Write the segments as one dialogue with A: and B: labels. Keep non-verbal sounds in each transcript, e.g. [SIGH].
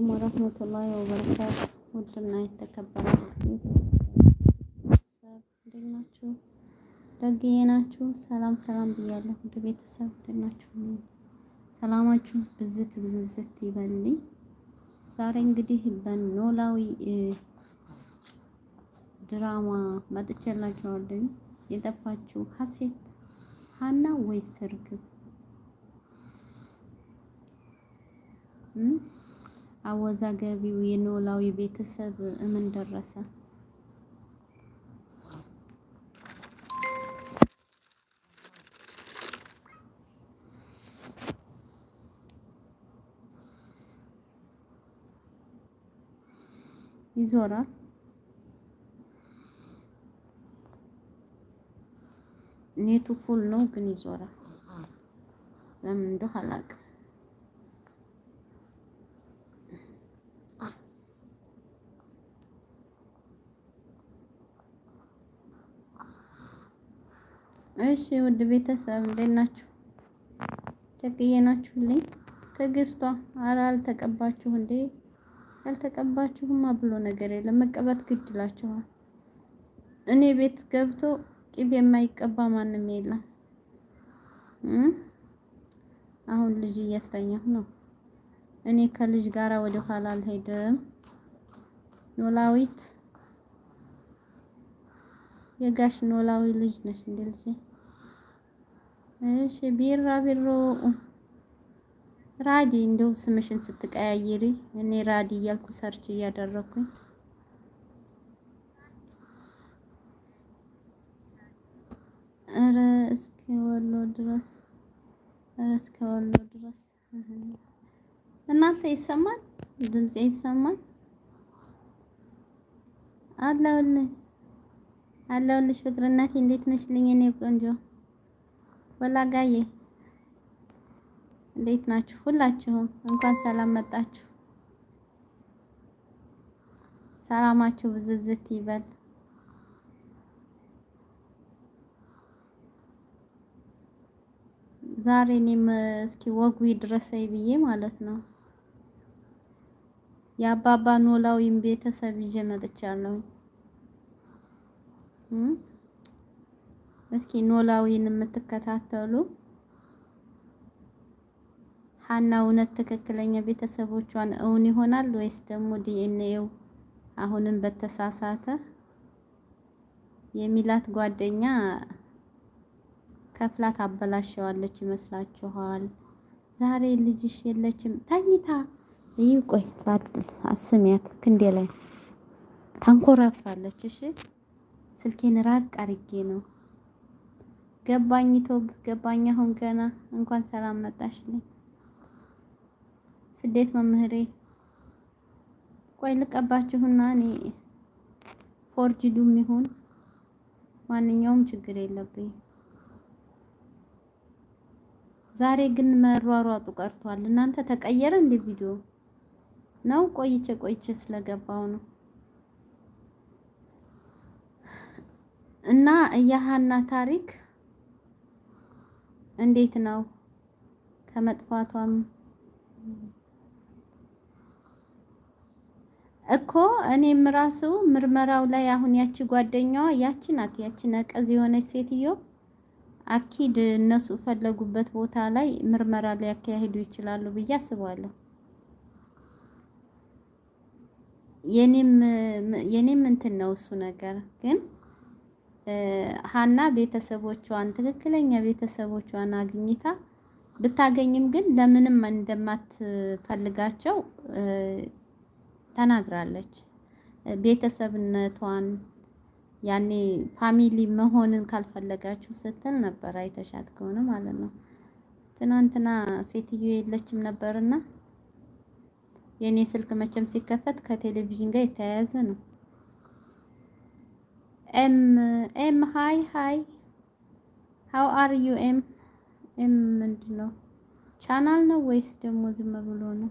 A: አለይኩም ወረህመቱላሂ ወበረካቱ። ውድና የተከበራችሁ እንዴት ናችሁ? ደግዬ ናችሁ? ሰላም ሰላም ብያለሁ። ውድ ቤተሰብ እንዴት ናችሁ? ሰላማችሁ ብዝት ብዝዝት ይበልኝ። ዛሬ እንግዲህ በኖላዊ ድራማ መጥቼላችኋለሁ። የጠፋችው ሀሴት ሀና ወይስ እርግብ አወዛጋቢው የኖላዊ ቤተሰብ ምን ደረሰ? ይዞራል። ኔቱ ፉል ነው ግን ይዞራል። ለምን እንደሆነ አላውቅም። እሺ ውድ ቤተሰብ እንዴት ናችሁ? ተቅዬ ናችሁልኝ? ትዕግስቷ አረ አልተቀባችሁ እንዴ? ያልተቀባችሁማ ብሎ ነገር የለም። መቀባት ግድ ይላችኋል። እኔ ቤት ገብቶ ቂቤ የማይቀባ ማንም የለም። አሁን ልጅ እያስተኛሁ ነው። እኔ ከልጅ ጋራ ወደ ኋላ አልሄድም። ኖላዊት የጋሽ ኖላዊ ልጅ ነሽ እንዴ ልጄ? እሺ ቢራቢሮ ራዲ እንደው ስምሽን ስትቀያየሪ እኔ ራዲ እያልኩ ሰርች እያደረኩኝ እስከ ወሎ ድረስ እስከ ወሎ ድረስ እናንተ ይሰማል ድምጽ ይሰማል አለሁልሽ አለሁልሽ ፍቅርነቴ እንዴት ነሽልኝ እኔ ቆንጆ ወላጋዬ እንዴት ናችሁ? ሁላችሁም እንኳን ሰላም መጣችሁ። ሰላማችሁ ብዝዝት ይበል። ዛሬ እኔም እስኪ ወጉ ድረሰይ ብዬ ማለት ነው የአባባ ኖላዊን ቤተሰብ ይዤ መጥቻለሁ። እስኪ ኖላዊን የምትከታተሉ ሀና እውነት ትክክለኛ ቤተሰቦቿን እውን ይሆናል ወይስ ደግሞ ዲኤንኤው አሁንም በተሳሳተ የሚላት ጓደኛ ከፍላት አበላሸዋለች ይመስላችኋል? ዛሬ ልጅሽ የለችም ተኝታ ይህ ቆይ አስሚያት ክንዴ ላይ ታንኮራፋለች። እሺ ስልኬን ራቅ አርጌ ነው ገባኝ ቶብ ገባኝ። አሁን ገና እንኳን ሰላም መጣሽልኝ ስደት መምህሬ። ቆይ ልቀባችሁና እኔ ፎርጅዱም ይሁን ማንኛውም ችግር የለብኝም። ዛሬ ግን መሯሯጡ ቀርቷል። እናንተ ተቀየረ እንደ ቪዲዮ ነው። ቆይቼ ቆይቼ ስለገባው ነው። እና የሀና ታሪክ እንዴት ነው ከመጥፋቷም እኮ እኔም ራሱ ምርመራው ላይ አሁን ያቺ ጓደኛዋ ያቺ ናት ያቺ ነቀዝ የሆነች ሴትዮ አኪድ እነሱ ፈለጉበት ቦታ ላይ ምርመራ ሊያካሂዱ ይችላሉ ብዬ አስባለሁ። የኔም የኔም እንትን ነው እሱ ነገር ግን ሀና ቤተሰቦቿን ትክክለኛ ቤተሰቦቿን አግኝታ ብታገኝም ግን ለምንም እንደማትፈልጋቸው ተናግራለች። ቤተሰብነቷን ያኔ ፋሚሊ መሆንን ካልፈለጋችሁ ስትል ነበር። አይተሻት ከሆነ ማለት ነው። ትናንትና ሴትዮ የለችም ነበርና የእኔ ስልክ መቼም ሲከፈት ከቴሌቪዥን ጋር የተያያዘ ነው። ኤም ኤም ሃይ ሀይ ሀው አር ዩ ኤም ኤም ምንድን ነው? ቻናል ነው ወይስ ደግሞ ዝም ብሎ ነው?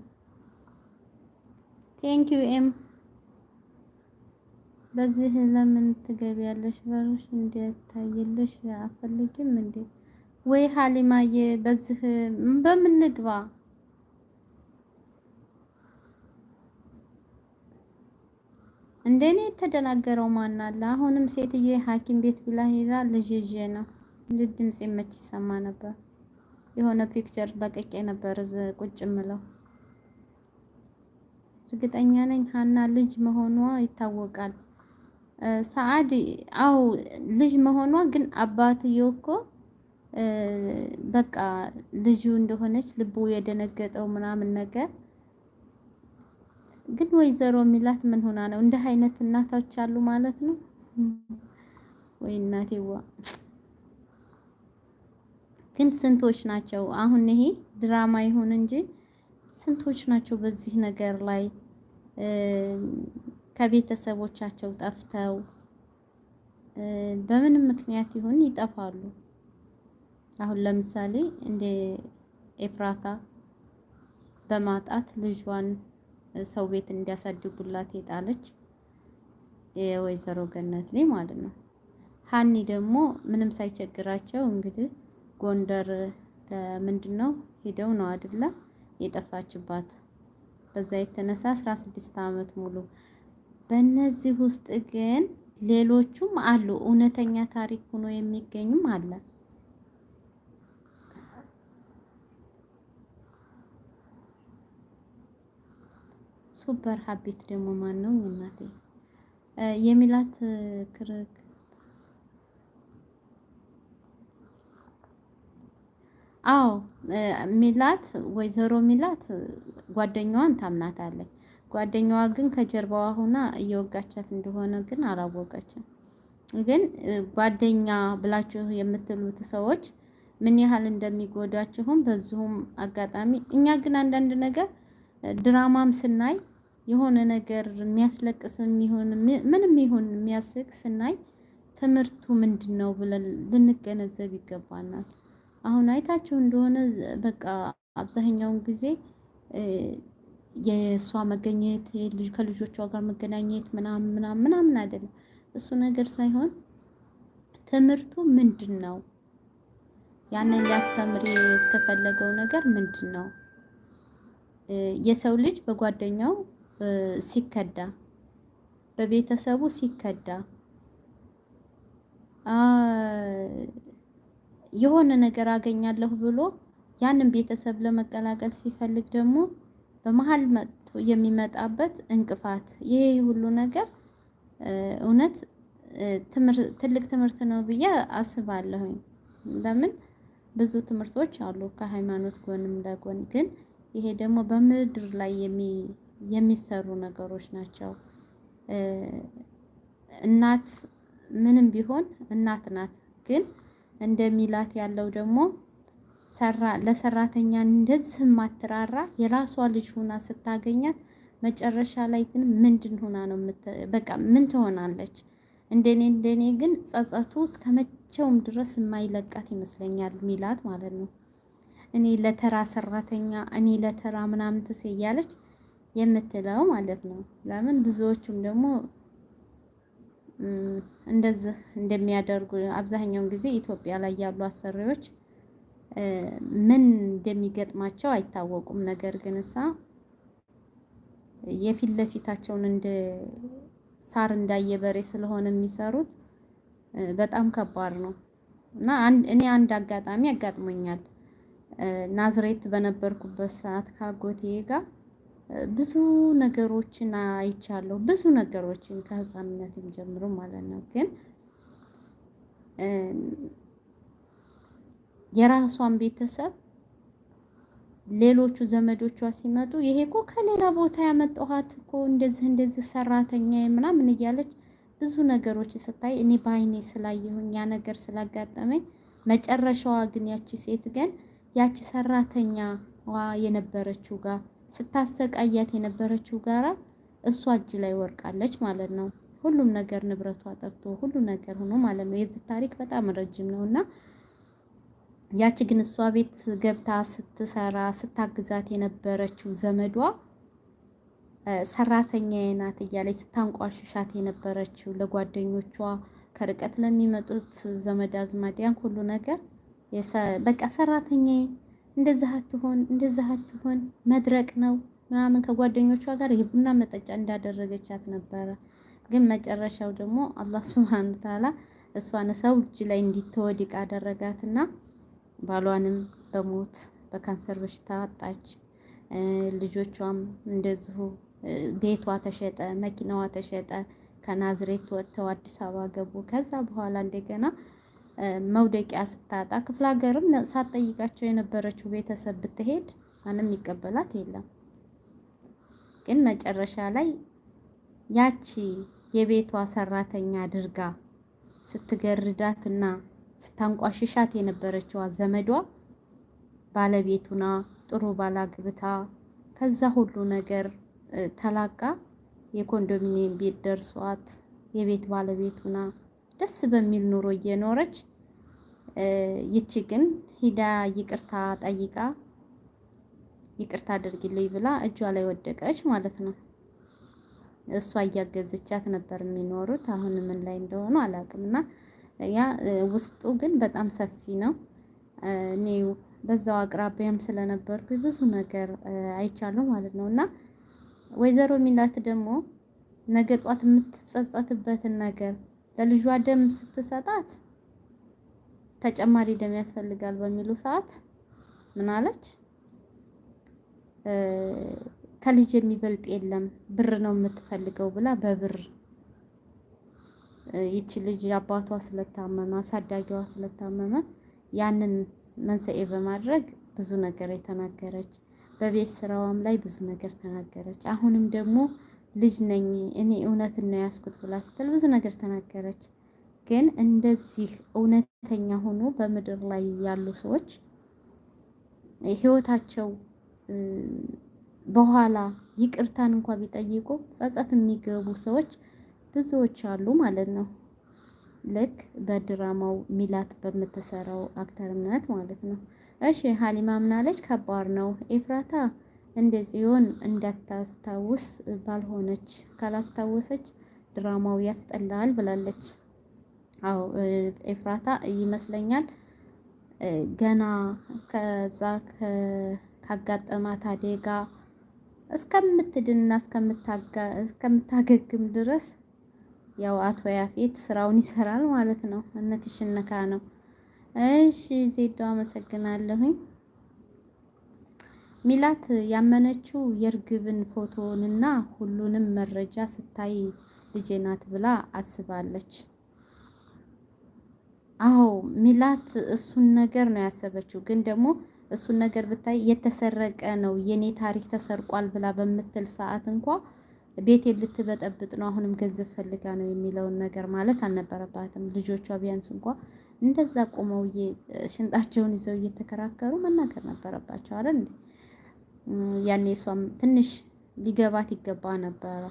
A: ቴንክ ዩ ኤም በዚህ ለምን ትገቢያለሽ? በርሽ እንዲታየልሽ አፈልግም እንዴ? ወይ ሀሊማዬ በዚህ በምን ልግባ? እንደኔ የተደናገረው ማን አለ? አሁንም ሴትዬ ሐኪም ቤት ብላ ሄዳ ልጅ ይዤ ነው እንደ ድምጽ መች ይሰማ ነበር። የሆነ ፒክቸር ለቅቄ ነበር ቁጭ ምለው። እርግጠኛ ነኝ ሀና ልጅ መሆኗ ይታወቃል። ሰዓድ አው ልጅ መሆኗ ግን አባትየው እኮ በቃ ልጁ እንደሆነች ልቡ የደነገጠው ምናምን ነገር ግን ወይዘሮ የሚላት ምን ሆና ነው? እንዲህ አይነት እናቶች አሉ ማለት ነው። ወይ እናቴዋ ግን ስንቶች ናቸው? አሁን ይሄ ድራማ ይሁን እንጂ ስንቶች ናቸው በዚህ ነገር ላይ ከቤተሰቦቻቸው ጠፍተው በምንም ምክንያት ይሁን ይጠፋሉ። አሁን ለምሳሌ እንደ ኤፍራታ በማጣት ልጇን ሰው ቤት እንዲያሳድጉላት የጣለች የወይዘሮ ገነት ላይ ማለት ነው። ሀኒ ደግሞ ምንም ሳይቸግራቸው እንግዲህ ጎንደር ለምንድን ነው ሄደው ነው አይደለ የጠፋችባት። በዛ የተነሳ አስራ ስድስት አመት ሙሉ በእነዚህ ውስጥ ግን ሌሎቹም አሉ እውነተኛ ታሪክ ሆኖ የሚገኝም አለ። ሱፐር ሀቢት ደግሞ ማን ነው? እናቴ የሚላት ክርክ አዎ ሚላት ወይዘሮ ሚላት ጓደኛዋን ታምናታለች። ጓደኛዋ ግን ከጀርባዋ ሆና እየወጋቻት እንደሆነ ግን አላወቀችም። ግን ጓደኛ ብላችሁ የምትሉት ሰዎች ምን ያህል እንደሚጎዳችሁም በዚሁም አጋጣሚ እኛ ግን አንዳንድ ነገር ድራማም ስናይ የሆነ ነገር የሚያስለቅስም ይሁን ምንም ይሁን የሚያስቅ ስናይ ትምህርቱ ምንድን ነው ብለን ልንገነዘብ ይገባናል። አሁን አይታችሁ እንደሆነ በቃ አብዛኛውን ጊዜ የእሷ መገኘት ከልጆቿ ጋር መገናኘት ምናምን ምናምን ምናምን አይደለም እሱ ነገር ሳይሆን ትምህርቱ ምንድን ነው ያንን ሊያስተምር የተፈለገው ነገር ምንድን ነው? የሰው ልጅ በጓደኛው ሲከዳ፣ በቤተሰቡ ሲከዳ፣ የሆነ ነገር አገኛለሁ ብሎ ያንን ቤተሰብ ለመቀላቀል ሲፈልግ ደግሞ በመሀል መጥቶ የሚመጣበት እንቅፋት ይሄ ሁሉ ነገር እውነት ትልቅ ትምህርት ነው ብዬ አስባለሁኝ። ለምን ብዙ ትምህርቶች አሉ ከሃይማኖት ጎንም ለጎን ግን ይሄ ደግሞ በምድር ላይ የሚ የሚሰሩ ነገሮች ናቸው። እናት ምንም ቢሆን እናት ናት። ግን እንደሚላት ያለው ደግሞ ሰራ ለሰራተኛ እንደዚህ ማትራራ የራሷ ልጅ ሁና ስታገኛት መጨረሻ ላይ ግን ምንድን ሁና ነው በቃ ምን ትሆናለች? እንደኔ እንደኔ ግን ጸጸቱ እስከ መቼውም ድረስ የማይለቃት ይመስለኛል ሚላት ማለት ነው። እኔ ለተራ ሰራተኛ እኔ ለተራ ምናምን ተሰያለች? እያለች የምትለው ማለት ነው። ለምን ብዙዎቹም ደግሞ እንደዚህ እንደሚያደርጉ አብዛኛውን ጊዜ ኢትዮጵያ ላይ ያሉ አሰሪዎች ምን እንደሚገጥማቸው አይታወቁም። ነገር ግን እሳ የፊት ለፊታቸውን እንደ ሳር እንዳየበሬ ስለሆነ የሚሰሩት በጣም ከባድ ነው እና እኔ አንድ አጋጣሚ ያጋጥሞኛል ናዝሬት በነበርኩበት ሰዓት ካጎቴ ጋር ብዙ ነገሮችን አይቻለሁ። ብዙ ነገሮችን ከህፃንነትም ጀምሮ ማለት ነው። ግን የራሷን ቤተሰብ ሌሎቹ ዘመዶቿ ሲመጡ ይሄ እኮ ከሌላ ቦታ ያመጣኋት እኮ እንደዚህ እንደዚህ ሰራተኛ ምናምን እያለች ብዙ ነገሮች ስታይ እኔ በአይኔ ስላየሁኝ ያ ነገር ስላጋጠመኝ፣ መጨረሻዋ ግን ያቺ ሴት ግን ያቺ ሰራተኛዋ የነበረችው ጋር ስታሰቃያት የነበረችው ጋራ እሷ እጅ ላይ ወርቃለች ማለት ነው። ሁሉም ነገር ንብረቷ ጠፍቶ ሁሉ ነገር ሆኖ ማለት ነው። የዚህ ታሪክ በጣም ረጅም ነው እና ያቺ ግን እሷ ቤት ገብታ ስትሰራ ስታግዛት የነበረችው ዘመዷ ሰራተኛዬ ናት እያለች ስታንቋሽሻት የነበረችው ለጓደኞቿ ከርቀት ለሚመጡት ዘመድ አዝማዲያን ሁሉ ነገር በቃ ሰራተኛዬ እንደዛ አትሆን እንደዛ አትሆን መድረቅ ነው ምናምን ከጓደኞቿ ጋር የቡና መጠጫ እንዳደረገቻት ነበረ። ግን መጨረሻው ደግሞ አላህ ሱብሃነሁ ተዓላ እሷን ሰው እጅ ላይ እንዲትወድቅ አደረጋትና ባሏንም በሞት በካንሰር በሽታ አጣች። ልጆቿም እንደዚሁ ቤቷ ተሸጠ፣ መኪናዋ ተሸጠ። ከናዝሬት ወጥተው አዲስ አበባ ገቡ። ከዛ በኋላ እንደገና መውደቂያ ስታጣ ክፍለ ሀገርም ሳትጠይቃቸው የነበረችው ቤተሰብ ብትሄድ ማንም ይቀበላት የለም። ግን መጨረሻ ላይ ያቺ የቤቷ ሰራተኛ አድርጋ ስትገርዳትና ስታንቋሽሻት የነበረችዋ ዘመዷ ባለቤቱና ጥሩ ባላግብታ ከዛ ሁሉ ነገር ተላቃ የኮንዶሚኒየም ቤት ደርሷት የቤት ባለቤቱና ደስ በሚል ኑሮ እየኖረች ይቺ ግን ሂዳ ይቅርታ ጠይቃ ይቅርታ አድርጊልኝ ብላ እጇ ላይ ወደቀች ማለት ነው። እሷ እያገዘቻት ነበር የሚኖሩት። አሁን ምን ላይ እንደሆኑ አላውቅም። እና ያ ውስጡ ግን በጣም ሰፊ ነው። እኔ በዛው አቅራቢያም ስለነበርኩ ብዙ ነገር አይቻለሁ ማለት ነው። እና ወይዘሮ ሚላት ደግሞ ነገ ጧት የምትጸጸትበትን ነገር ለልጇ ደም ስትሰጣት ተጨማሪ ደም ያስፈልጋል በሚሉ ሰዓት ምን አለች? ከልጅ የሚበልጥ የለም ብር ነው የምትፈልገው ብላ በብር ይቺ ልጅ አባቷ ስለታመመ አሳዳጊዋ ስለታመመ ያንን መንስኤ በማድረግ ብዙ ነገር የተናገረች፣ በቤት ስራዋም ላይ ብዙ ነገር ተናገረች። አሁንም ደግሞ ልጅ ነኝ እኔ እውነትን ነው ያስኩት ብላ ስትል ብዙ ነገር ተናገረች። ግን እንደዚህ እውነተኛ ሆኖ በምድር ላይ ያሉ ሰዎች ህይወታቸው በኋላ ይቅርታን እንኳ ቢጠይቁ ጸጸት የሚገቡ ሰዎች ብዙዎች አሉ ማለት ነው። ልክ በድራማው ሚላት በምትሰራው አክተርነት ማለት ነው። እሺ ሀሊማ ምናለች? ከባድ ነው ኤፍራታ እንደ ጽዮን እንዳታስታውስ ባልሆነች ካላስታወሰች ድራማው ያስጠላል ብላለች። አዎ ኤፍራታ ይመስለኛል ገና ከዛ ካጋጠማት አደጋ እስከምትድንና እስከምታገግም ድረስ ያው አቶ ያፌት ስራውን ይሰራል ማለት ነው። እነትሽ ነካ ነው። እሺ ዜዶ አመሰግናለሁኝ። ሚላት ያመነችው የእርግብን ፎቶንና ሁሉንም መረጃ ስታይ ልጄ ናት ብላ አስባለች። አዎ ሚላት እሱን ነገር ነው ያሰበችው። ግን ደግሞ እሱን ነገር ብታይ የተሰረቀ ነው የኔ ታሪክ ተሰርቋል ብላ በምትል ሰዓት እንኳ ቤቴ ልትበጠብጥ ነው አሁንም ገንዘብ ፈልጋ ነው የሚለውን ነገር ማለት አልነበረባትም። ልጆቿ ቢያንስ እንኳ እንደዛ ቆመው ሽንጣቸውን ይዘው እየተከራከሩ መናገር ነበረባቸው አለ እንዴ። ያኔ እሷም ትንሽ ሊገባት ይገባ ነበረ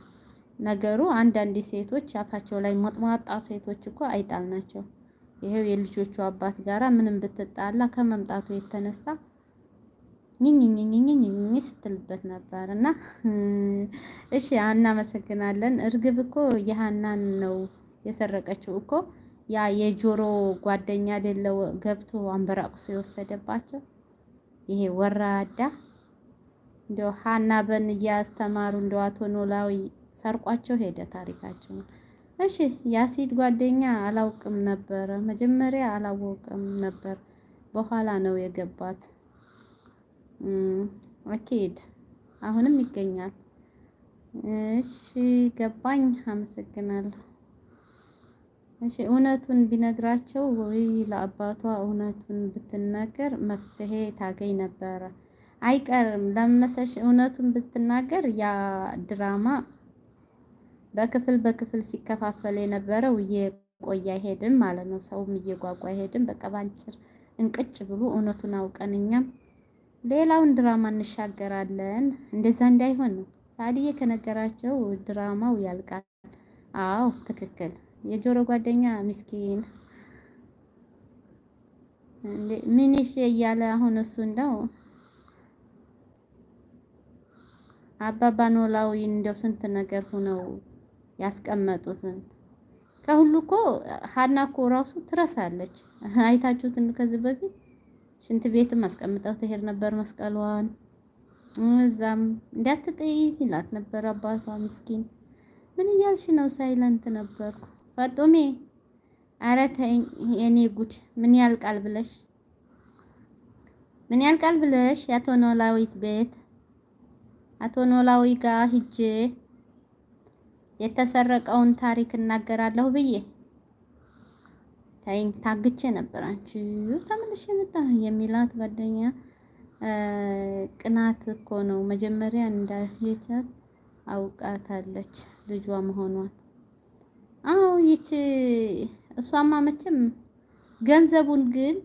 A: ነገሩ። አንዳንድ ሴቶች አፋቸው ላይ ሞጥሟጣ ሴቶች እኮ አይጣል ናቸው። ይሄው የልጆቹ አባት ጋራ ምንም ብትጣላ ከመምጣቱ የተነሳ ኝኝኝኝኝኝ ስትልበት ነበር እና [LAUGHS] እሺ፣ እናመሰግናለን። እርግብ እኮ የሀናን ነው የሰረቀችው እኮ ያ የጆሮ ጓደኛ አይደለው ገብቶ አንበራቁሶ የወሰደባቸው ይሄ ወራዳ። እንዲያው ሀና በን እያስተማሩ እንዲያው አቶ ኖላዊ ሰርቋቸው ሄደ ታሪካቸው እሺ የአሲድ ጓደኛ አላውቅም ነበረ መጀመሪያ አላወቅም ነበር በኋላ ነው የገባት። አኬድ አሁንም ይገኛል። እሺ ገባኝ። አመሰግናለሁ። እሺ እውነቱን ቢነግራቸው ወይ ለአባቷ እውነቱን ብትናገር መፍትሄ ታገኝ ነበረ። አይቀርም ለመሰሽ እውነቱን ብትናገር ያ ድራማ በክፍል በክፍል ሲከፋፈል የነበረው እየቆየ አይሄድም ማለት ነው። ሰውም እየጓጓ አይሄድም። በቃ ባንጭር እንቅጭ ብሎ እውነቱን አውቀን እኛም ሌላውን ድራማ እንሻገራለን። እንደዛ እንዳይሆን ነው ሳዲዬ ከነገራቸው ድራማው ያልቃል። አዎ ትክክል። የጆሮ ጓደኛ ምስኪን ምንሽ እያለ አሁን እሱ እንደው አባባ ኖላዊ እንደው ስንት ነገር ሁነው ያስቀመጡትን ከሁሉ እኮ ሀና እኮ ራሱ ትረሳለች። አይታችሁት ከዚህ በፊት ሽንት ቤትም አስቀምጠው ትሄድ ነበር መስቀሏን። እዛም እንዳትጠይ ይላት ነበር አባቷ ምስኪን። ምን እያልሽ ነው? ሳይለንት ነበርኩ። ፈጡሜ ኧረ ተይኝ፣ የኔ ጉድ ምን ያልቃል ብለሽ ምን ያልቃል ብለሽ የአቶ ኖላዊት ቤት አቶ ኖላዊ ጋር ሂጄ የተሰረቀውን ታሪክ እናገራለሁ ብዬ ተይኝ ታግቼ ነበር። አንቺ ተመልሼ መጣ የሚላት ጓደኛ ቅናት እኮ ነው። መጀመሪያ እንዳየቻት አውቃታለች ልጇ መሆኗን። አዎ ይቺ እሷማ መቼም ገንዘቡን ግን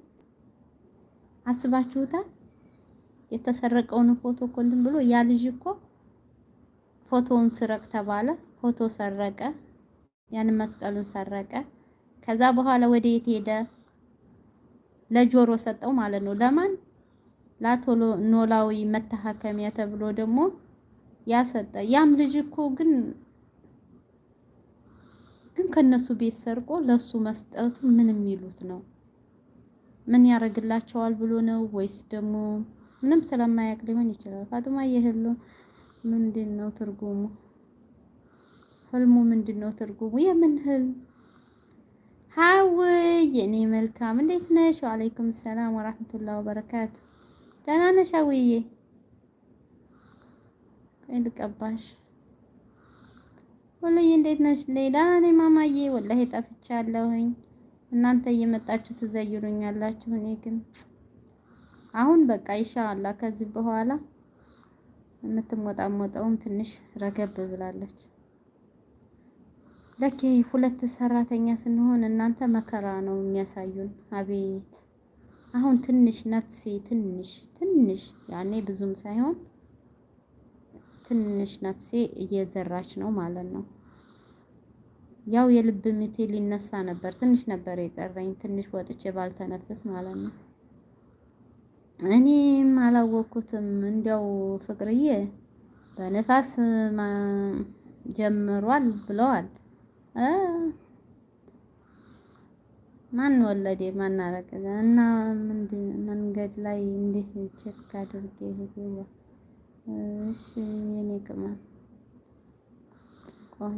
A: አስባችሁታል። የተሰረቀውን ፎቶ እኮ እንትን ብሎ ያ ልጅ እኮ ፎቶውን ስረቅ ተባለ። ፎቶ ሰረቀ፣ ያንን መስቀሉን ሰረቀ። ከዛ በኋላ ወደ የት ሄደ? ለጆሮ ሰጠው ማለት ነው። ለማን? ላቶሎ ኖላዊ መታከሚያ ተብሎ ደግሞ ያሰጠ። ያም ልጅ እኮ ግን ግን ከነሱ ቤት ሰርቆ ለሱ መስጠቱ ምን የሚሉት ነው? ምን ያደርግላቸዋል ብሎ ነው ወይስ ደግሞ ምንም ስለማያውቅ ሊሆን ይችላል። ፋጡማ ይሄ ምንድን ነው ትርጉሙ? ህልሙ ምንድን ነው ትርጉሙ? የምን ህልም? ሀውይ የኔ መልካም እንዴት ነሽ? ወአለይኩም ሰላም ወራህመቱላሂ ወበረካቱ። ደህና ነሽ ሀውዬ? ልቀባሽ እንዴት ነሽ? ሌላ ነኝ ማማዬ። ወላሂ ጠፍቻለሁኝ። እናንተ እየመጣችሁ ትዘይሩኛላችሁ። እኔ ግን አሁን በቃ ኢንሻአላህ ከዚህ በኋላ የምትሞጣሞጠውም ትንሽ ረገብ ብላለች። ለኬ ሁለት ሰራተኛ ስንሆን እናንተ መከራ ነው የሚያሳዩን። አቤት አሁን ትንሽ ነፍሴ ትንሽ ትንሽ ያኔ ብዙም ሳይሆን ትንሽ ነፍሴ እየዘራች ነው ማለት ነው። ያው የልብ ምቴ ሊነሳ ነበር። ትንሽ ነበር የቀረኝ፣ ትንሽ ወጥቼ ባልተነፍስ ማለት ነው። እኔም አላወቅኩትም። እንደው ፍቅርዬ በነፋስ ጀምሯል ብለዋል። ማን ወለዴ ማን አረገ እና መንገድ ላይ እንዲህ ቼክ አድርጌ ሄደው እሺ የኔ ቅመም ቆይ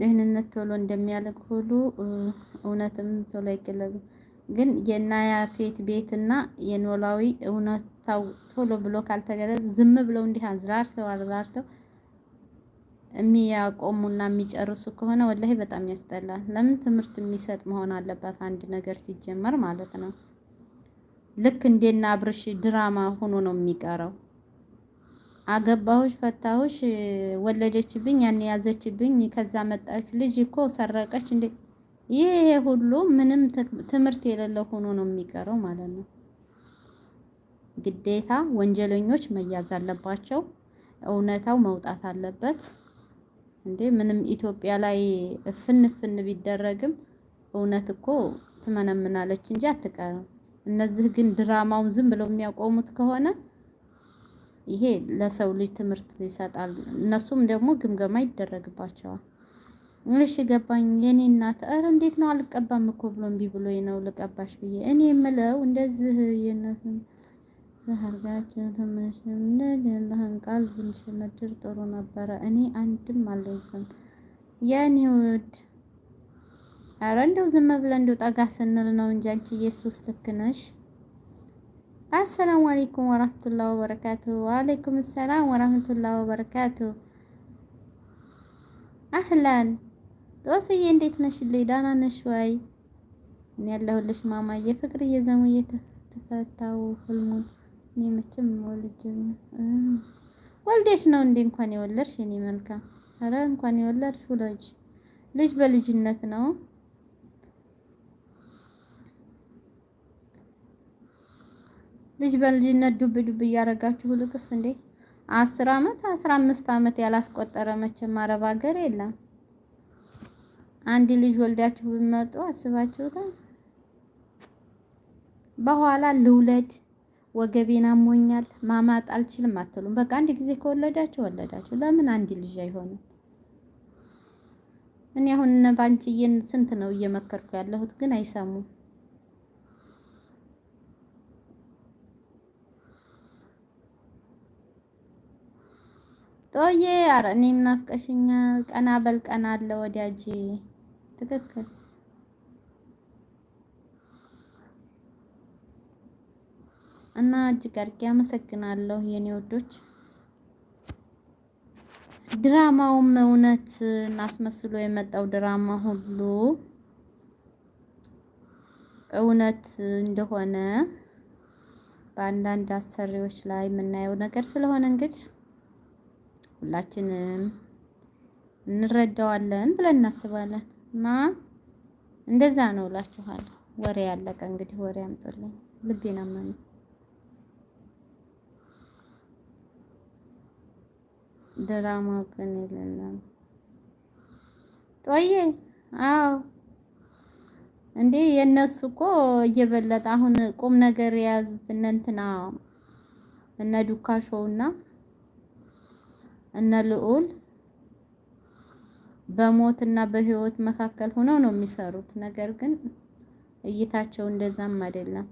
A: ደህንነት ቶሎ እንደሚያልቅ ሁሉ እውነትም ቶሎ አይገለጽም። ግን የናያፌት ቤትና የኖላዊ እውነታው ቶሎ ብሎ ካልተገለጽ ዝም ብለው እንዲህ አዝራርተው አዝራርተው የሚያቆሙና የሚጨርሱ ከሆነ ወላሂ በጣም ያስጠላል። ለምን ትምህርት የሚሰጥ መሆን አለባት አንድ ነገር ሲጀመር ማለት ነው። ልክ እንደና አብርሽ ድራማ ሆኖ ነው የሚቀረው። አገባሁሽ፣ ፈታሁሽ፣ ወለደችብኝ፣ ያን ያዘችብኝ፣ ከዛ መጣች ልጅ እኮ ሰረቀች እንዴ! ይሄ ሁሉ ምንም ትምህርት የሌለ ሆኖ ነው የሚቀረው ማለት ነው። ግዴታ ወንጀለኞች መያዝ አለባቸው። እውነታው መውጣት አለበት። እንዴ ምንም ኢትዮጵያ ላይ እፍን እፍን ቢደረግም እውነት እኮ ትመነምናለች እንጂ አትቀርም። እነዚህ ግን ድራማውን ዝም ብለው የሚያቆሙት ከሆነ ይሄ ለሰው ልጅ ትምህርት ይሰጣል። እነሱም ደግሞ ግምገማ ይደረግባቸዋል። እሺ ገባኝ የኔ እናት። ኧረ እንዴት ነው አልቀባም እኮ ብሎ እምቢ ብሎ ነው ልቀባሽ ብዬ እኔ የምለው እንደዚህ የእነሱን ዘሀርጋቸው ተመሽምነድ የለህን ቃል መድር ጥሩ ነበረ። እኔ አንድም አልለይዝም የኔ ውድ። ኧረ እንደው ዝም ብለን እንደው ጠጋ ስንል ነው እንጂ አንቺ ኢየሱስ ልክ ነሽ። አሰላሙ አሌይኩም ወራህመቱላ ወበረካቱ። ወአሌይኩም ሰላም ወራህመቱላ ወበረካቱ። አህላን ጦስዬ እንዴት ነሽ? ደህና ነሽ ወይ? እኔ ያለሁልሽ ማማ ፍቅር እየዘሙ እየተፈታው ህልሙን እኔ መቼም ወልጅ ወልዴሽ ነው እንዴ? እንኳን የወለድሽ የኔ መልካም። ኧረ እንኳን የወለድሽ ልጅ ልጅ በልጅነት ነው። ልጅ በልጅነት ዱብ ዱብ እያደረጋችሁ ልቅስ እንዴ አስር አመት አስራ አምስት አመት ያላስቆጠረ መቼም አረብ ሀገር የለም። አንድ ልጅ ወልዳችሁ ብመጡ አስባችሁታል? በኋላ ልውለድ ወገቤን አሞኛል ማማጥ አልችልም አትሉም። በቃ አንድ ጊዜ ከወለዳችሁ ወለዳችሁ። ለምን አንድ ልጅ አይሆንም? እኔ አሁን ባንቺዬን ስንት ነው እየመከርኩ ያለሁት ግን አይሰሙም። ጦዬ ኧረ እኔም ናፍቀሽኛል። ቀና በል ቀና አለ ወዳጅ። ትክክል እና እጅግ አድርጌ አመሰግናለሁ የኔ ወዶች። ድራማውም እውነት እናስመስሎ የመጣው ድራማ ሁሉ እውነት እንደሆነ በአንዳንድ አሰሪዎች ላይ የምናየው ነገር ስለሆነ እንግዲህ ሁላችንም እንረዳዋለን ብለን እናስባለን እና እንደዛ ነው እላችኋለሁ። ወሬ ያለቀ እንግዲህ ወሬ አምጡልኝ። ልቤን አመመኝ። ድራማ ግን የለም ጦዬ። አዎ እንዴ የእነሱ እኮ እየበለጠ አሁን ቁም ነገር የያዙት እነ እንትና እነ ዱካሾውና እነ ልዑል በሞትና በህይወት መካከል ሆነው ነው የሚሰሩት። ነገር ግን እይታቸው እንደዛም አይደለም።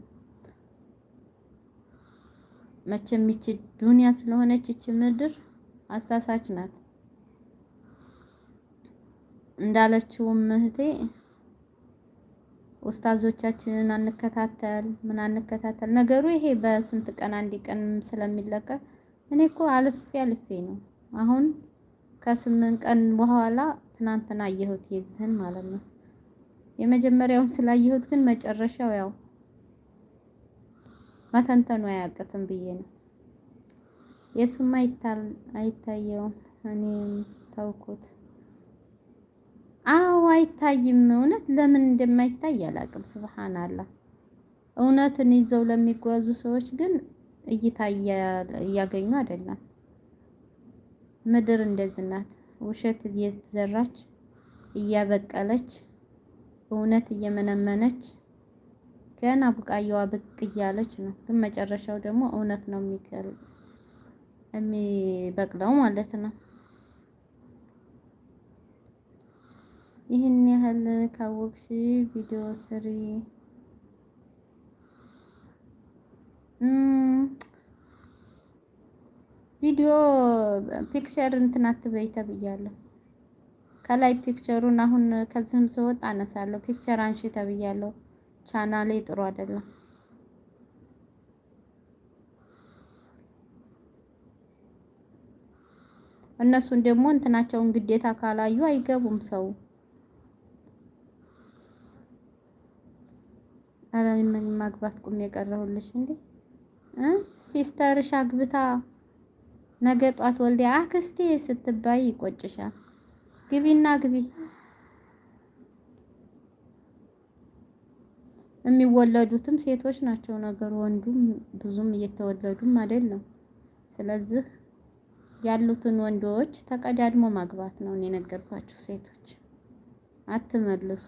A: መቼም ይቺ ዱንያ ስለሆነች ይቺ ምድር አሳሳች ናት። እንዳለችውም እህቴ ኡስታዞቻችንን አንከታተል ምን አንከታተል ነገሩ ይሄ በስንት ቀን አንድ ቀን ስለሚለቀቅ እኔ እኮ አልፌ አልፌ ነው አሁን ከስምንት ቀን በኋላ ትናንትና አየሁት የዚህን ማለት ነው። የመጀመሪያውን ስላየሁት ግን መጨረሻው ያው መተንተኑ አያቅትም ብዬ ነው። የሱም አይታል አይታየውም። እኔም ተውኩት። አዎ አይታይም። እውነት ለምን እንደማይታይ አላውቅም። ስብሓን አላህ እውነትን ይዘው ለሚጓዙ ሰዎች ግን እይታ እያገኙ አይደለም። ምድር እንደዚህ ናት። ውሸት እየተዘራች እያበቀለች እውነት እየመነመነች ገና ቡቃያዋ ብቅ እያለች ነው። ግን መጨረሻው ደግሞ እውነት ነው የሚበቅለው ማለት ነው። ይህን ያህል ካወቅሽ ቪዲዮ ስሪ ቪዲዮ ፒክቸር እንትን አትበይ ተብያለሁ። ከላይ ፒክቸሩን አሁን ከዚህም ስወጥ አነሳለሁ። ፒክቸር አንሺ ተብያለሁ። ቻናሌ ጥሩ አይደለም። እነሱን ደግሞ እንትናቸውን ግዴታ ካላዩ አይገቡም። ሰው አረ ምን ማግባት ቁም የቀረሁልሽ እንዴ ሲስተርሽ አግብታ ነገ ጧት ወልዲያ አክስቴ ስትባይ ይቆጭሻል። ግቢና ግቢ የሚወለዱትም ሴቶች ናቸው። ነገር ወንዱም ብዙም እየተወለዱም አይደለም። ስለዚህ ያሉትን ወንዶች ተቀዳድሞ ማግባት ነው እኔ የነገርኳችሁ። ሴቶች አትመልሱ።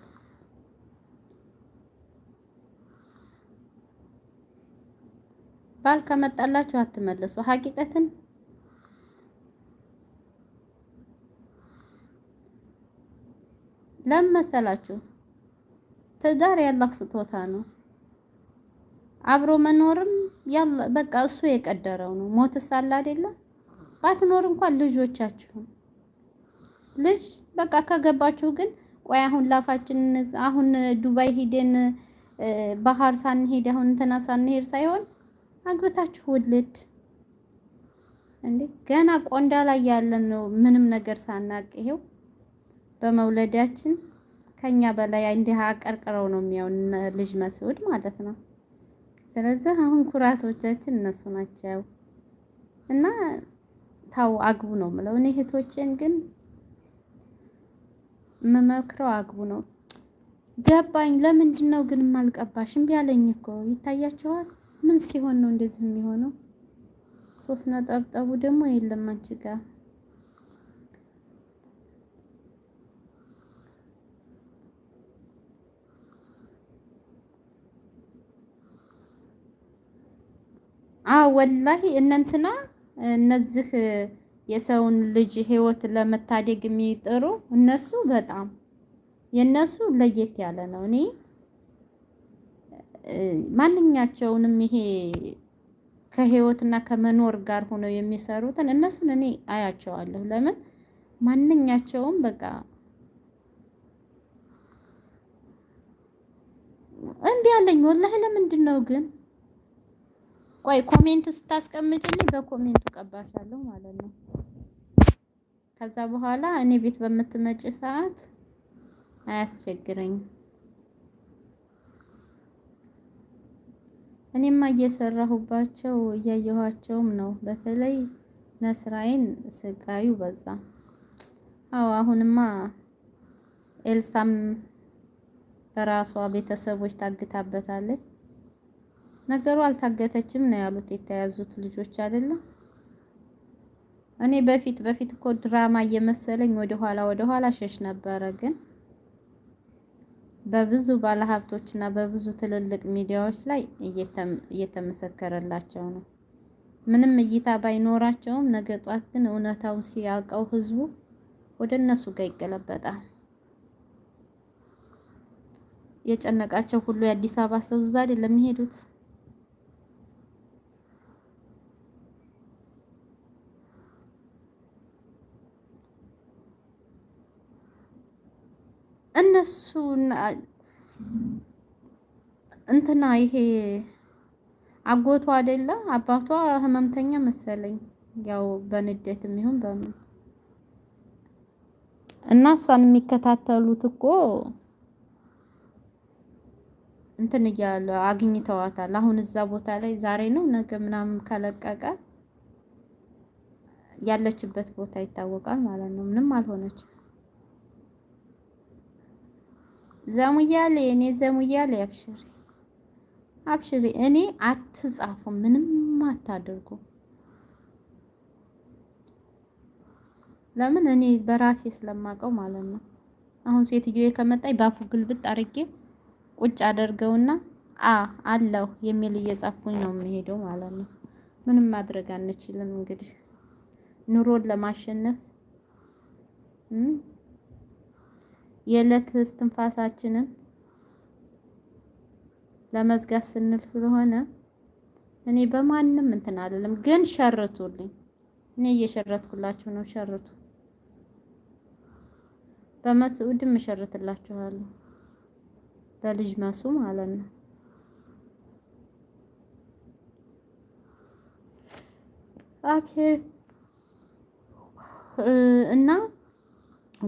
A: ባል ከመጣላችሁ አትመልሱ። ሀቂቀትን ለመሰላችሁ ትዳር ያላህ ስጦታ ነው። አብሮ መኖርም ያለ በቃ እሱ የቀደረው ነው። ሞትስ አለ አይደለ? ባትኖር እንኳን ልጆቻችሁ ልጅ በቃ ከገባችሁ ግን ቆይ አሁን ላፋችን አሁን ዱባይ ሂደን ባህር ሳንሄድ አሁን እንትና ሳንሄድ ሳይሆን አግብታችሁ ውልድ እንዴ ገና ቆንዳ ላይ ያለን ነው ምንም ነገር ሳናቅ ይሄው በመውለዳችን ከኛ በላይ እንዲህ አቀርቅረው ነው የሚያው ልጅ መስዑድ ማለት ነው። ስለዚህ አሁን ኩራቶቻችን እነሱ ናቸው እና ታው አግቡ ነው ምለው። እኔ እህቶቼን ግን የምመክረው አግቡ ነው። ገባኝ። ለምንድን ነው ግን የማልቀባሽ? እምቢ አለኝ እኮ ይታያቸዋል። ምን ሲሆን ነው እንደዚህ የሚሆነው? ሶስት ነጠብጠቡ ደግሞ የለም አንቺ ጋር አዎ ወላሂ እነንትና እነዚህ የሰውን ልጅ ህይወት ለመታደግ የሚጥሩ እነሱ በጣም የእነሱ ለየት ያለ ነው። እኔ ማንኛቸውንም ይሄ ከህይወትና ከመኖር ጋር ሆነው የሚሰሩትን እነሱን እኔ አያቸዋለሁ። ለምን ማንኛቸውም በቃ እምቢ አለኝ ወላሂ። ለምንድን ነው ግን ቆይ ኮሜንት ስታስቀምጭልኝ በኮሜንቱ ቀባሻለሁ ማለት ነው። ከዛ በኋላ እኔ ቤት በምትመጭ ሰዓት አያስቸግረኝም። እኔማ እየሰራሁባቸው እያየኋቸውም ነው። በተለይ ነስራይን ስቃዩ በዛ። አዎ አሁንማ ኤልሳም በራሷ ቤተሰቦች ታግታበታለች። ነገሩ አልታገተችም ነው ያሉት የተያዙት ልጆች አይደለም። እኔ በፊት በፊት እኮ ድራማ እየመሰለኝ ወደኋላ ወደኋላ ሸሽ ነበረ። ግን በብዙ ባለሀብቶች እና በብዙ ትልልቅ ሚዲያዎች ላይ እየተመሰከረላቸው ነው። ምንም እይታ ባይኖራቸውም ነገ ጧት ግን እውነታው ሲያውቀው ህዝቡ ወደ እነሱ ጋር ይገለበጣል። የጨነቃቸው ሁሉ የአዲስ አበባ ሰው እዛ ለሚሄዱት እነሱ እንትና ይሄ አጎቷ አይደለ አባቷ ህመምተኛ መሰለኝ፣ ያው በንዴትም የሚሆን በምን እና እሷን የሚከታተሉት እኮ እንትን እያለ አግኝተዋታል። አሁን እዛ ቦታ ላይ ዛሬ ነው ነገ ምናምን ከለቀቀ ያለችበት ቦታ ይታወቃል ማለት ነው። ምንም አልሆነችም። ዘሙያሌ እኔ ዘሙያሌ አብሽሪ አብሽሪ። እኔ አትጻፉ፣ ምንም አታደርጉ። ለምን እኔ በራሴ ስለማቀው ማለት ነው። አሁን ሴትዮ ከመጣኝ ባፉ ግልብጥ አርጌ ቁጭ አደርገውና አ አለው የሚል እየጻፍኩኝ ነው የሚሄደው ማለት ነው። ምንም ማድረግ አንችልም እንግዲህ ኑሮን ለማሸነፍ የዕለት እስትንፋሳችንን ለመዝጋት ስንል ስለሆነ እኔ በማንም እንትን አይደለም፣ ግን ሸርቱልኝ። እኔ እየሸረትኩላችሁ ነው። ሸርቱ። በመስዑድም እሸርትላችኋለሁ፣ በልጅ መሱ ማለት ነው። አብሔር እና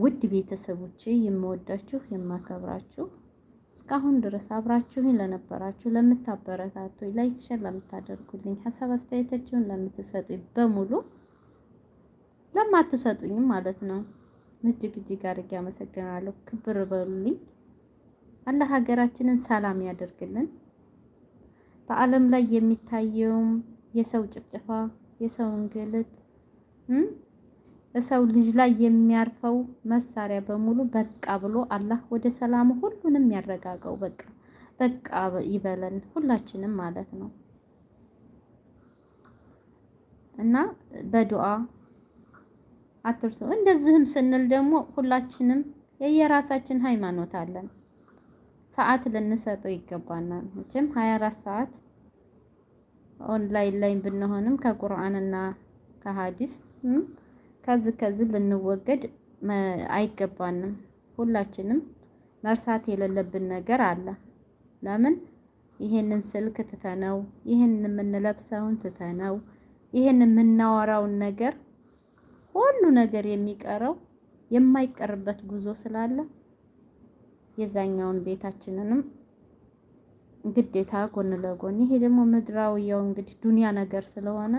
A: ውድ ቤተሰቦቼ የምወዳችሁ የማከብራችሁ እስካሁን ድረስ አብራችሁኝ ለነበራችሁ ለምታበረታቱኝ፣ ላይክ ሸር ለምታደርጉልኝ፣ ሀሳብ አስተያየታችሁን ለምትሰጡኝ በሙሉ ለማትሰጡኝም ማለት ነው እጅግ እጅግ አድርጌ አመሰግናለሁ። ክብር በሉልኝ። አላህ ሀገራችንን ሰላም ያደርግልን። በዓለም ላይ የሚታየውም የሰው ጭፍጨፋ፣ የሰው እንግልት ሰው ልጅ ላይ የሚያርፈው መሳሪያ በሙሉ በቃ ብሎ አላህ ወደ ሰላም ሁሉንም ያረጋጋው። በቃ በቃ ይበለን ሁላችንም ማለት ነው። እና በዱዓ አትርሱ። እንደዚህም ስንል ደግሞ ሁላችንም የየራሳችን ሃይማኖት አለን። ሰዓት ልንሰጠው ይገባናል። መቼም 24 ሰዓት ኦንላይን ላይ ብንሆንም ከቁርአንና ከሀዲስ ከዚህ ከዚህ ልንወገድ አይገባንም። ሁላችንም መርሳት የሌለብን ነገር አለ። ለምን ይሄንን ስልክ ትተነው፣ ይሄንን የምንለብሰውን ትተነው፣ ይሄንን የምናወራውን ነገር ሁሉ ነገር የሚቀረው የማይቀርበት ጉዞ ስላለ የዛኛውን ቤታችንንም ግዴታ ጎን ለጎን ይሄ ደግሞ ምድራዊ ያው እንግዲህ ዱንያ ነገር ስለሆነ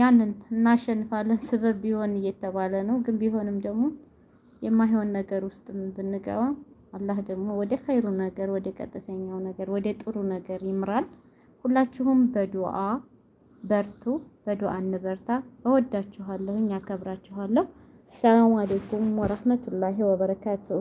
A: ያንን እናሸንፋለን ስበብ ቢሆን እየተባለ ነው። ግን ቢሆንም ደግሞ የማይሆን ነገር ውስጥ ብንገባ አላህ ደግሞ ወደ ኸይሩ ነገር፣ ወደ ቀጥተኛው ነገር፣ ወደ ጥሩ ነገር ይምራል። ሁላችሁም በዱዓ በርቱ፣ በዱዓ እንበርታ። እወዳችኋለሁ፣ አከብራችኋለሁ። ሰላም አሌይኩም ወረህመቱላሂ ወበረካቱሁ።